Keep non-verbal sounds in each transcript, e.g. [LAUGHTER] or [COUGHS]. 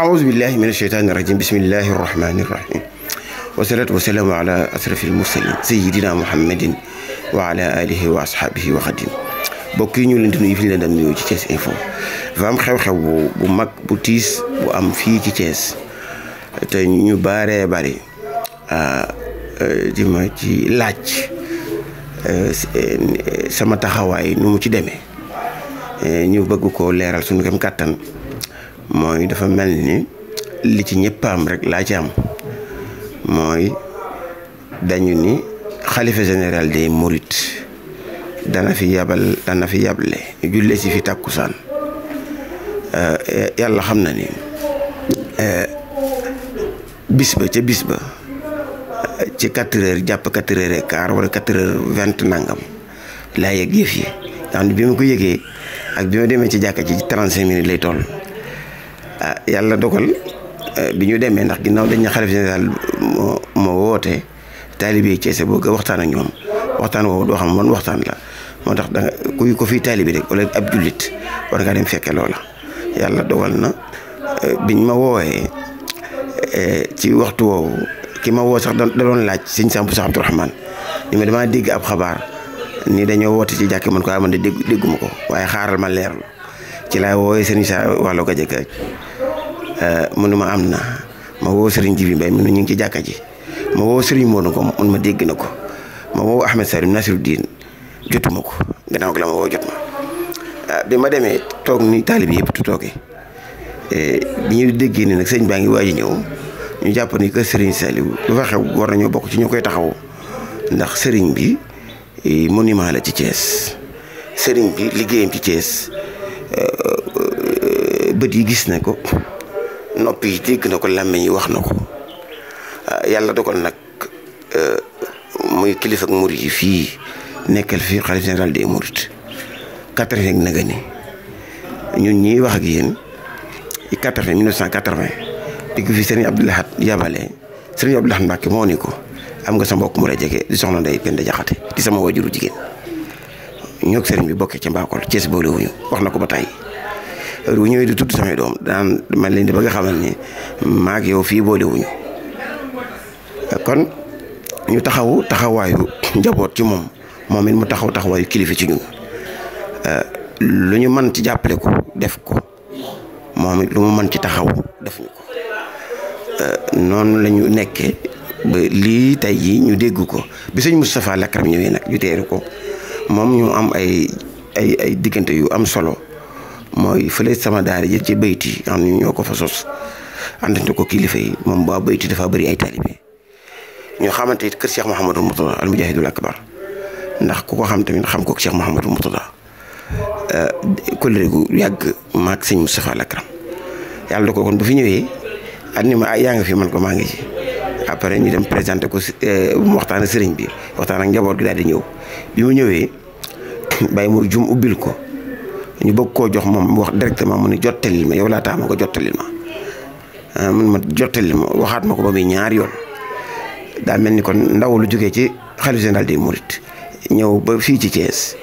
أعوذ بالله من الشيطان الرجيم بسم الله الرحمن الرحيم والصلاة والسلام على أشرف المرسلين سيدنا محمد وعلى آله وأصحابه وخدم بوكي نيو لاندي نيو في لاندي نيو تي تيس انفو فام خيو خيو بو ماك بو تيس بو ام في تي تيس تا نيو باري باري ا آه، ديما آه، تي لاج آه، سما تخاواي نومو تي ديمي نيو بغوكو ليرال سونو كم كاتان Moy dafa melni ni li ci ñeppam rek la ci am moy dañu ni khalifa general des mourides dana fi yabal dana fi yable julle si fi takusan euh yalla na ni euh bisba ci bisba ci 4h japp 4h et quart wala quatre heures vingt nangam la yëg yëf yi nga ko yegge ak bima ma ci jakka ci 35 minutes lay toll Ah, yàlla dogal ah, bi ñu demee ndax ginnaaw dañ ne xalif général moo moo woote taalibe Ceese boo waxtaan ak ñoom waxtaan woowu doo xam man waxtaan la moo tax da kuy ko fii taalibe rek wala ab jullit war ngaa dem fekke loola yàlla dogal na eh, biñ ma woowee eh, ci waxtu woowu ki ma woo sax da doon laaj sëñ Sambu sax Abdourahmane di ma damaa dégg ab xabaar ni dañoo woote ci jàkk man ko aman ah, de dégg dégguma ko waaye xaaral ma leer leerlu ci laa wooyee sëñ sa wàllu gajëk Euh, mënu ma am na ma woo Serigne Jibi Mbaye mënu ñu ngi ci jàkka ji ma woo Serigne Modou Ngom mun ma dégg na ko ma woo Ahmed Salim Nasiruddin jotuma ko gannaaw ak la ma woo jot ma euh, bi ma demee toog ni taalibe yëpp tu toogee euh, bi ñu déggee ni nag sëñ baa ngi waaj ñëw ñu jàpp ni que Serigne Saliou lu fa xew war nañoo bokk ci ñoo koy taxaw ndax sëriñ bi eh, monument la ci Thiès Serigne bi liggéeyam ci Thiès bët yi gis na ko nopp yi dégg na ko làmmiñ yi wax na ko ah, yàlla dogal nag euh, muy kilifa ak murit yi fii nekkal fii xalif général des mourides quatre-vingt ñun ñii wax ak yéen ci quatre-vingt mille neuf cent quatre-vingt dégg fi sëriñ Abdou Lahad Yabale sëriñ Abdou Lahad Mbacke moo ni ko am nga sa mbokk mu la jege di soxna Ndeye Penda Jaxate di sama wajuru jigéen ñoo sëriñ bi bokkee ci Mbakol Thiès boole wuñu wax na ko ba tàyyi heure bu ñëwee di tudd samay daan man leen di bëgg a xamal ni maak yow fii boolewuñu kon ñu taxaw taxawaayu njaboot ci moom moom it mu taxaw taxawaayu kilifa ci eh, lu ñu mën ci jàppale ko def ko moom it lu mu mën ci taxaw def ñu ko eh, noonu lañu nekke ba lii tey jii ñu dégg ko bi sëñ Moustapha Lakram ñëwee nag ñu teeru ko moom ñu am ay ay ay diggante yu am solo mooy fële sama daare ji ci bayti am na ñoo ko fa sos àndante ko kilifa yi moom ba bayti dafa bëri ay taalibe ñoo xamante it kër Cheikh Mouhamadou Mourtada al mujahidul akbar ndax ku ko xam tamit xam ko Cheikh Mouhamadou Mourtada eh, kóllëre gu yàgg maag sëñ Moustapha Lakram yàlla da ko kon bu fi ñëwee at ni ma ah, yaa nga fi man ko maa ngi ci après ñu dem présenté ko eh, waxtaan ak sëriñ bi waxtaan ak njaboot gi daal di ñëw bi mu ñëwee [COUGHS] Baye Mour Dioum ubbil ko. ñu bëgg koo jox moom wax directement mu ne jottalil ma yow laa tax ma ko jottalil ma ah, mun ma jottalil ma waxaat ma ko ba muy ñaari yoon daa mel ni kon ndaw lu jógee ci xalifa général des mourides ñëw ba fii ci Thiès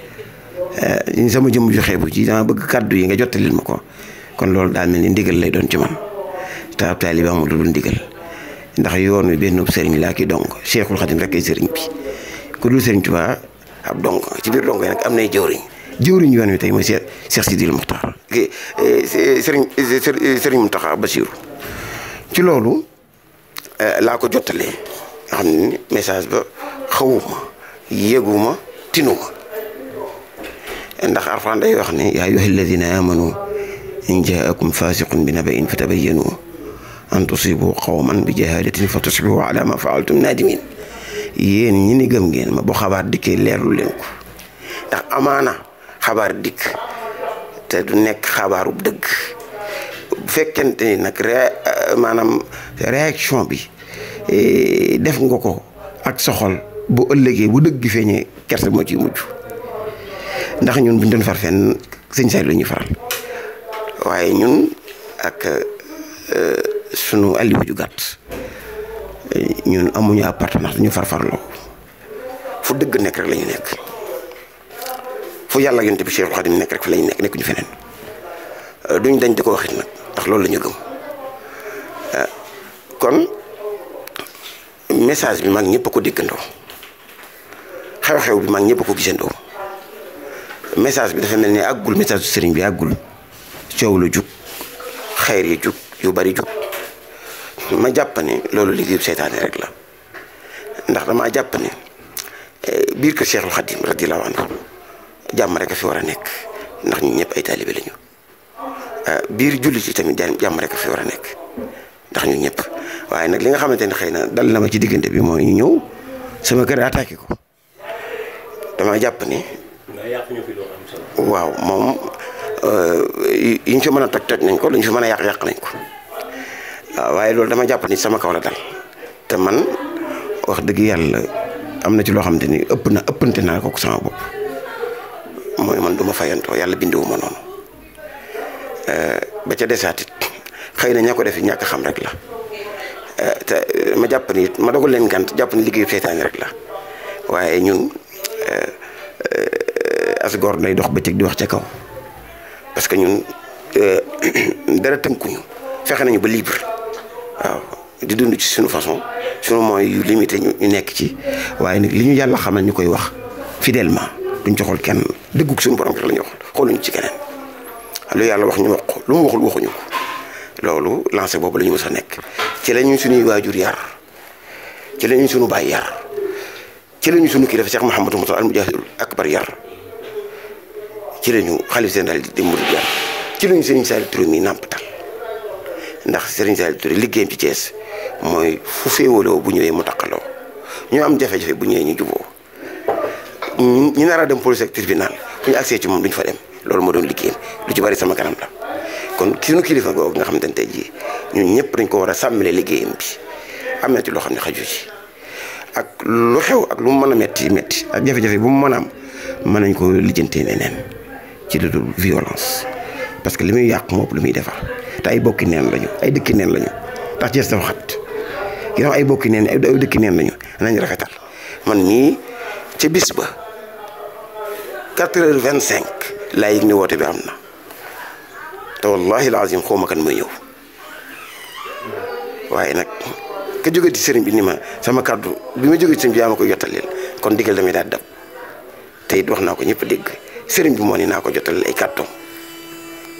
ñi eh, sama jëm ju xeebu ci dama bëgg kàddu yi nga jottalil ma ko kon loolu daa mel ni ndigal lay doon ci man te ab taalibe amul lu dul ndigal ndax yoon wi benn sëriñ laa ki dong Cheikhul Khadim rek ay sëriñ bi ku dul sëriñ Tuubaa ab dong ci biir dong yi nag am nay jëwriñ جوري نيوان تاي ما سير سير سيدي المختار سيرين سيرين منتخا بشير تي لولو آه، لا كو جوتالي خامني يعني ميساج با خوما ييغوما تينوما ندخ عرفان داي وخني يا ايها الذين امنوا ان جاءكم فاسق بنبأ فتبينوا ان تصيبوا قوما بجهاله فتصبحوا على ما فعلتم نادمين يين ني ني گم گين ما بو خبار ديكي ليرول لينكو ndax amana xabaar dikk te du nekk xabaaru dëgg bu fekkente ni nag euh, maanaam réaction bi eh, def nga ko ak soxol bu ëllëgee bu dëgg feeñee kersa moo ci mujj ndax ñun buñ doon far fenn sëñ Saliou la ñuy faral waaye ñun ak euh, sunu Aliou ju gàtt eh, ñun amuñu appartement dañu farfarloo fu dëgg nekk rek la ñu nekk. fu yàlla yonte bi Cheikhul Khadim nekk rek fa lañ nekk nekkuñu feneen euh, duñ dañ di ko waxit nag ndax loolu lañu ñu gëm euh, kon message bi mag ñëpp a ko déggandoo xew-xew bi mag ñépp ko gisandoo message bi dafa mel ne gul message su sëriñ bi àggul coow la jug xeer yi jug yu bari jug ma jàpp ne loolu liggéeyu seytaane rek la ndax damaa jàpp ne euh, biir kër Cheikhul Khadim radiyallahu anhu jàmm rek a fi war a nekk ndax ñun ñëpp ay taalibe lañu euh, biir jullit yi tamit jàmm rekk a fi war a nekk ndax ñu ñëpp waaye nag li nga xamante ne xëy na dal na ma ci diggante bi mooy ñu ñëw sama kër attaqué ko dama jàpp ni. waaw moom euh, yi ñu fi mën a toj toj nañ ko lu fi mën a yàq yàq nañ ko waaw waaye loolu dama jàpp ni sama kaw la dal te man wax dëgg yàlla am na ci loo xamante ni ëpp na ëppante naa ko sama bopp. mooy man du ma fayantoo yàlla bindewu ma noonu ba ca desaatit xëy na ña ko def ñàkk xam rek la ma jàpp ni ma dogal leen gant jàpp ni liggéeyu seytaane rek la waaye ñun as góor dox ba bëccëg di wax ca kaw parce que ñun [COUGHS] dara tënkuñu fexe nañu ba libre waaw di dund ci suñu façon suñu mooy yu limité ñu nekk ci waaye nag li ñu yàlla xamal ñu koy wax fidèlement duñ ci xool kenn dëggug suñu borom rek la ñuy xool xooluñ ci keneen lu yàlla wax ñu wax ko lu mu waxul waxuñu ko loolu lancé boobu la ñu a nekk ci la ñu suñuy waajur yar ci la ñu suñu baay yar ci la ñu suñu kilifa Cheikh Mouhamadou Moussa al Mujahidul Akbar yar ci la ñu xalif général di murid yar ci la ñu Serigne Saliou Touré mi nàmpatal ndax Serigne Saliou Touré liggéeyam ci Thiès mooy fu féewaloo bu ñëwee mu taqaloo ñu am jafe-jafe bu ñëwee ñu juboo ñi nar a dem police ak tribunal bu ñu accès ci moom duñ fa dem loolu moo doon liggéeyam lu ci bari sama kanam la kon suñu kilifa googu nga xamante ne tey jii ñun ñëpp dañ ko war a sàmmale liggéeyam bi am na loo xam ne xaju ci ak lu xew ak lu mu mën a metti metti ak jafe-jafe bu mu mën a am mën nañ ko lijjantee neneen ci lu dul violence parce que li muy yàq moom lu muy defar te ay bokki neen lañu ay dëkki neen lañu tax Cees dafa xat ginnaaw ay bokki neen ay dëkki nen lañu nañ rafetal man nii ca bis ba quatre heures vingt cinq laa yëg ni woote bi am na te wallahi alazim xaw ma kan mooy ñëw waaye nag ka jóge ci sëriñ bi ni ma sama kàddu bi ma jóge ci sëriñ bi yaa ma ko jottalil kon digal damay daal dab te it wax naa ko ñëpp dégg sëriñ bi moo ni naa ko jottalil ay kàddoom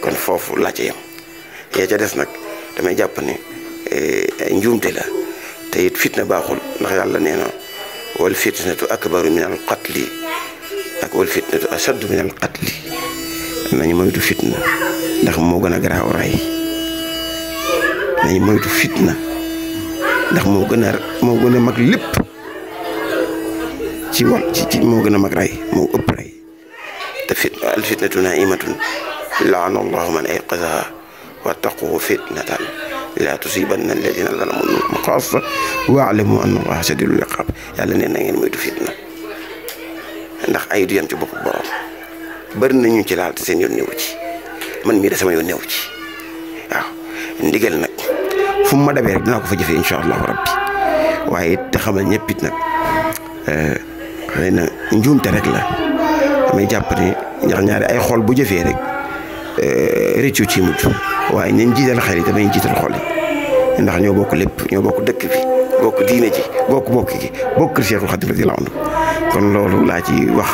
kon foofu laa ca yem yee ca des nag damay jàpp ne njuumte la te it fitna baaxul ndax yàlla nee na wal fitnatu akbaru min al qatli ak wal fitnatu ashaddu min al qatli nañu moytu fitna ndax moo gën a garaaw rey nañu moytu fitna ndax moo gën a moo gën a mag lépp ci wàll ci ci moo gën a mag rey moo ëpp rey al fitnatu naimatun laana allahu man ayqazaha wattaqu fitnatan laa tusibanna alladina zalamu minkum xaasa waalamu anna allaha shadidul iqaab yàlla ne na ngeen moytu fitna ndax ay du yam ci bopp borom bari na ñu ci laal te seen yoon newu ci man mii de sama yoon newu ci waaw ndigal nag fu ma dabee rek dinaa ko fa jëfee incha allahu rabbi waaye it te xamal ñëpp it nag eh, xëy na njuumte rek la damay jàpp ne ñaari ay xol bu jëfee rek eh, réccu ci mujj waaye nañ jiital xel yi damay jiital xol yi ndax ñoo bokk lépp ñoo bokk dëkk bi bokk diine ji bokk bokk gi bokk Cheikhul Khadim radiyallahu anhu kon loolu laa ci wax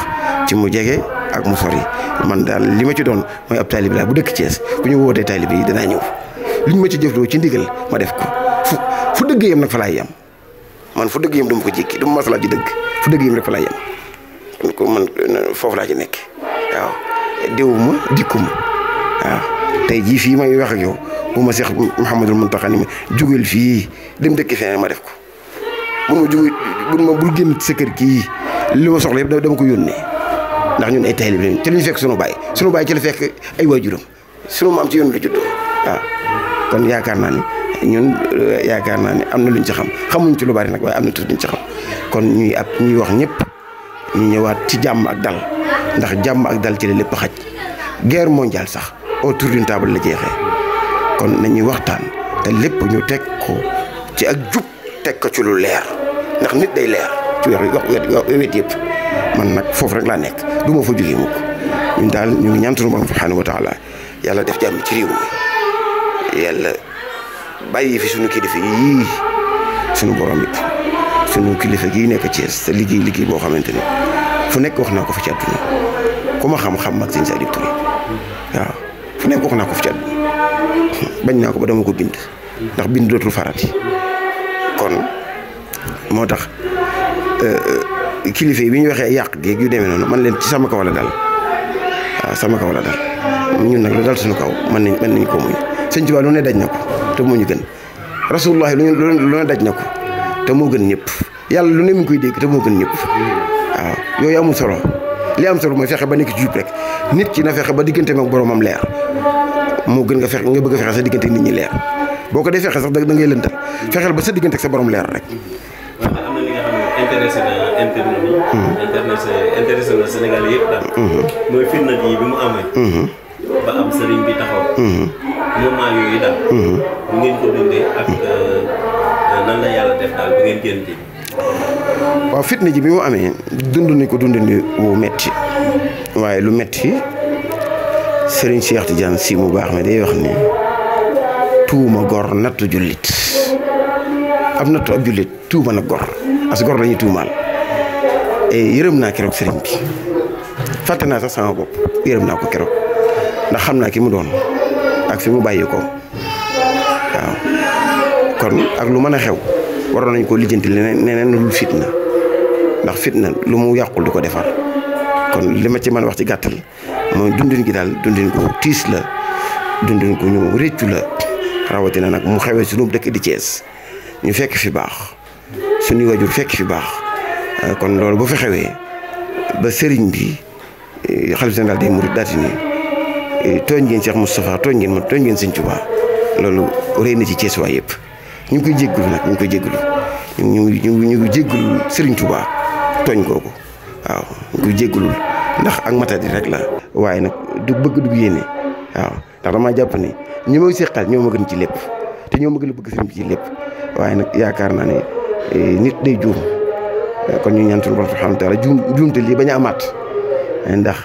ci mu jege ak mu sori man daal li ma ci doon mooy ab taalib laa bu dëkk Thiès bu ñu wootee taalib yi danaa ñëw luñ ma ci jëfloo ci ndigal ma def ko fu fu dëgg yam nag fa laay yam man fu dëgg yam du ma ko jékki du ma masalaa ci dëgg fu dëgg yam rek fa laay yam ko man foofu laa ci nekk waaw déwuma dikkuma waaw tey jii fii may wax ak yow bu ma Seex Mouhamadul Muntaxa ni ma jógal fii dem dëkk feneen ma def ko mun ma jógal mun ma bul génn sa kër kii li ma soxla yëpp dama ko yónnee ndax ñun ay taalibe lañu te li ñu fekk sunu baay sunu baay ci la fekk ay waajuram sunu maam ci yoon la juddoo waaw kon yaakaar naa ni ñun euh, yaakaar naa ni am na lu ci xam xamuñ ci lu bari nag waaye am na tuuti luñ ci kon ñuy ab ñuy wax ñëpp ñu ñëwaat ci jàmm ak dal ndax jàmm ak dal ci la lépp xaj guerre mondiale sax autour d'une table la jeexee kon nañuy waxtaan te lépp ñu teg ko ci ak jub teg ko ci lu leer ndax nit day leer. ci weer wet wet yëpp man nag foofu rek laa nekk du ma fa jógee mukk ñun daal ñu ngi ñaan sunu borom subhanahu yàlla def jàmm ci réew yàlla bàyyi fi sunu kilifa yii sunu borom it sunu kilifa gii nekk Thiès sa liggéey liggéey boo xamante ni fu nekk wax naa ko fi ci àdduna xam-xam mag sëñ fu nekk wax ko fi ci àdduna bañ naa ko ba dama ko bind ndax bind dootul farati kon moo tax Euh, kilifa yi bi ñu waxee yàq géeg yu demee noonu man leen ci sama kaw la daal waaw sama kaw la dal ñun nag lu dal suñu kaw mën nañ mën ko muñ sëñ Tuubaa lu ne na te moo ñu gën rasulullahi lu ne daj na ko te moo gën ñëpp yàlla lu ne mu koy dégg te moo gën ñëpp waaw yooyu amul solo li am solo mooy fexe ba nekk ci jub rek nit ki na fexe ba digganteem ak boromam leer moo gën nga fex nga bëgg a fexe sa diggante nit ñi leer boo ko dee fexe sax da ngay lëntal fexeel ba sa diggante sa borom leer rek intéressé hmm. hmm. hmm. euh, ci. waaw fitna ji bi mu amee dund ni ko dundandi wu metti waaye lu metti sëriñ Cheikh Tidiane si mu baax mi day wax ni tuuma gor nattu jullit ab nattu ab jullit tuuma na gor as gor dañuy tuumaal yërëm naa keroog sëriñ bi fàtte naa sax sama bopp yërëm naa ko keroog ndax xam naa ki mu doon ak fi mu bàyyi ko kon ak lu mën a xew waroon nañ ko lijjanti leneen neneen lu fitna ndax fitna lu mu yàqul di ko defar kon li ma ci mën a wax ci gàttal mooy dundin gi daal dundin ko tiis la dunduñ ko ñu réccu la rawatina nag mu xewee sunu dëkk di cees ñu fekk fi baax suñuy wajur fekk fi baax euh, kon loolu bu fi xewee ba sëriñ bi euh, xalif général des mourides daati ni euh, tooñ ngeen Cheikh Moustapha tooñ ngeen ma tooñ ngeen Sëñ Tuubaa loolu rëy na ci Cees waay yëpp ñu ngi koy jéggulu ñu ngi koy jéggulu ñu ñu ñu ngi Sëriñ Tuubaa tooñ kooku waaw ñu koy ndax ak matadi rek la waaye nag du bëgg dug yéene waaw ndax damaa jàpp ni ñu may seqal ñoo ma gën ci lépp te ñoo ma gën bëgg sëriñ bi ci lépp waaye nag yaakaar naa ne eh, nit de juum eh, kon ñu ñaan suñu borom subhanahu taala juum juumte lii bañ a amaat eh, ndax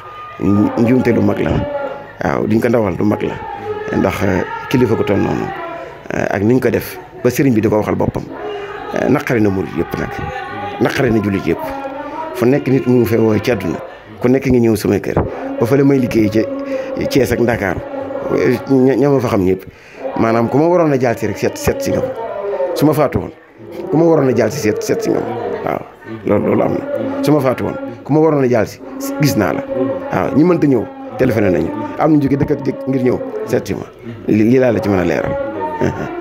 njuumte lu mag la waaw diñ ko ndawal lu mag la ndax kilifa ko toll noonu ak niñ ko def ba sëriñ bi di ko waxal boppam naqari na murid yëpp nag naqari na jullit yëpp fu nekk nit mu ngi fay wooy ci àdduna ku nekk nga ñëw sama kër ba fa la may liggéey ca Thiès ak Ndakaaru ña ma fa xam ñëpp maanaam ku ma waroon a jaal si rek seet si nga ko su ma faatu woon ku ma waroon a jaal si seet seet si nga ma waaw loolu loolu am na su ma faatu woon ku ma waroon a jaal si gis naa la waaw ñi mënta ñëw téléphoné nañu am na jóge dëkk ak dëkk ngir ñëw seet si ma lii laa la ci mën a leeral [LAUGHS]